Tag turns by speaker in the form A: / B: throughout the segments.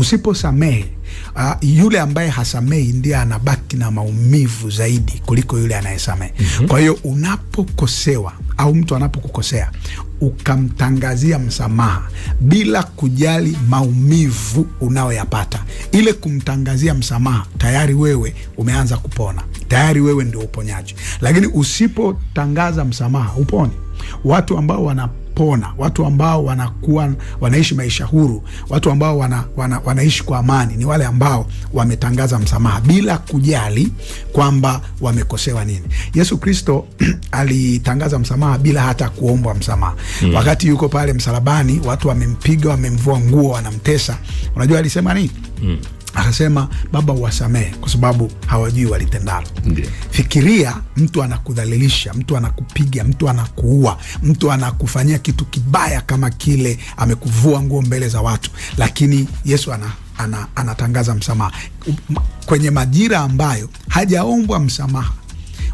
A: Usiposamehe uh, yule ambaye hasamehi ndiye anabaki na maumivu zaidi kuliko yule anayesamehe. mm -hmm. Kwa hiyo unapokosewa au mtu anapokukosea ukamtangazia msamaha bila kujali maumivu unayoyapata, ile kumtangazia msamaha tayari wewe umeanza kupona, tayari wewe ndio uponyaji. Lakini usipotangaza msamaha, uponi watu ambao wana wanapona, watu ambao wanakuwa wanaishi maisha huru, watu ambao wana, wana, wanaishi kwa amani ni wale ambao wametangaza msamaha bila kujali kwamba wamekosewa nini. Yesu Kristo alitangaza msamaha bila hata kuombwa msamaha hmm. Wakati yuko pale msalabani, watu wamempiga, wamemvua nguo, wanamtesa, unajua alisema nini? hmm akasema Baba, uwasamehe kwa sababu hawajui walitendalo. Fikiria mtu anakudhalilisha, mtu anakupiga, mtu anakuua, mtu anakufanyia kitu kibaya kama kile, amekuvua nguo mbele za watu, lakini Yesu ana ana, anatangaza msamaha kwenye majira ambayo hajaombwa msamaha.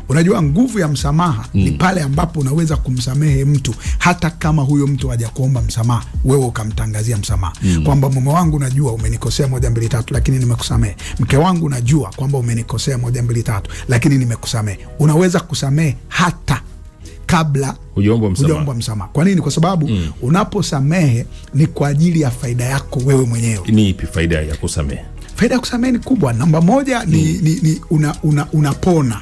A: Unajua, nguvu ya msamaha mm. ni pale ambapo unaweza kumsamehe mtu hata kama huyo mtu hajakuomba msamaha, wewe ukamtangazia msamaha mm. kwamba mume wangu, najua umenikosea moja mbili tatu, lakini nimekusamehe. Mke wangu, najua kwamba umenikosea moja mbili tatu, lakini nimekusamehe. Unaweza kusamehe hata kabla
B: hujaomba msamaha.
A: Msama. kwa nini? Kwa sababu mm. unaposamehe ni kwa ajili ya faida yako wewe mwenyewe.
B: Ni ipi faida ya kusamehe?
A: Faida ya kusamehe ni kubwa. Namba moja ni, mm. ni, ni una, una, unapona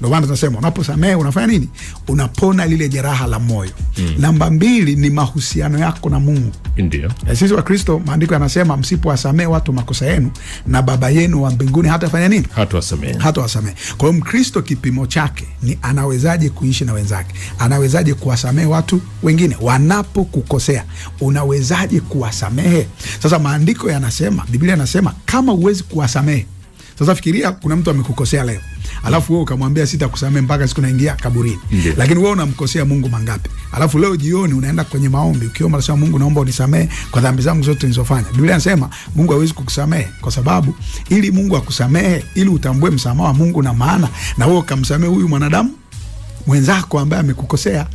A: ndio maana tunasema unaposamehe unafanya nini? Unapona lile jeraha la moyo. Mm. Namba mbili ni mahusiano yako na Mungu. Ndio eh, sisi Wakristo, maandiko yanasema msipowasamehe watu makosa yenu, na Baba yenu wa mbinguni hatafanya nini? Hatawasamehe, hatawasamehe. Kwa hiyo Mkristo kipimo chake ni anawezaje kuishi na wenzake, anawezaje kuwasamehe watu wengine wanapokukosea, unawezaje kuwasamehe? Sasa maandiko yanasema, Biblia yanasema kama huwezi kuwasamehe, sasa fikiria, kuna mtu amekukosea leo alafu wewe ukamwambia sitakusamehe mpaka siku naingia kaburini. Yeah. Lakini wewe unamkosea Mungu mangapi? Alafu leo jioni unaenda kwenye maombi ukiomba, nasema Mungu, naomba unisamehe kwa dhambi zangu zote nilizofanya. Biblia inasema Mungu hawezi kukusamehe kwa sababu ili Mungu akusamehe, ili utambue msamaha wa Mungu na maana, na wewe ukamsamehe huyu mwanadamu mwenzako ambaye amekukosea.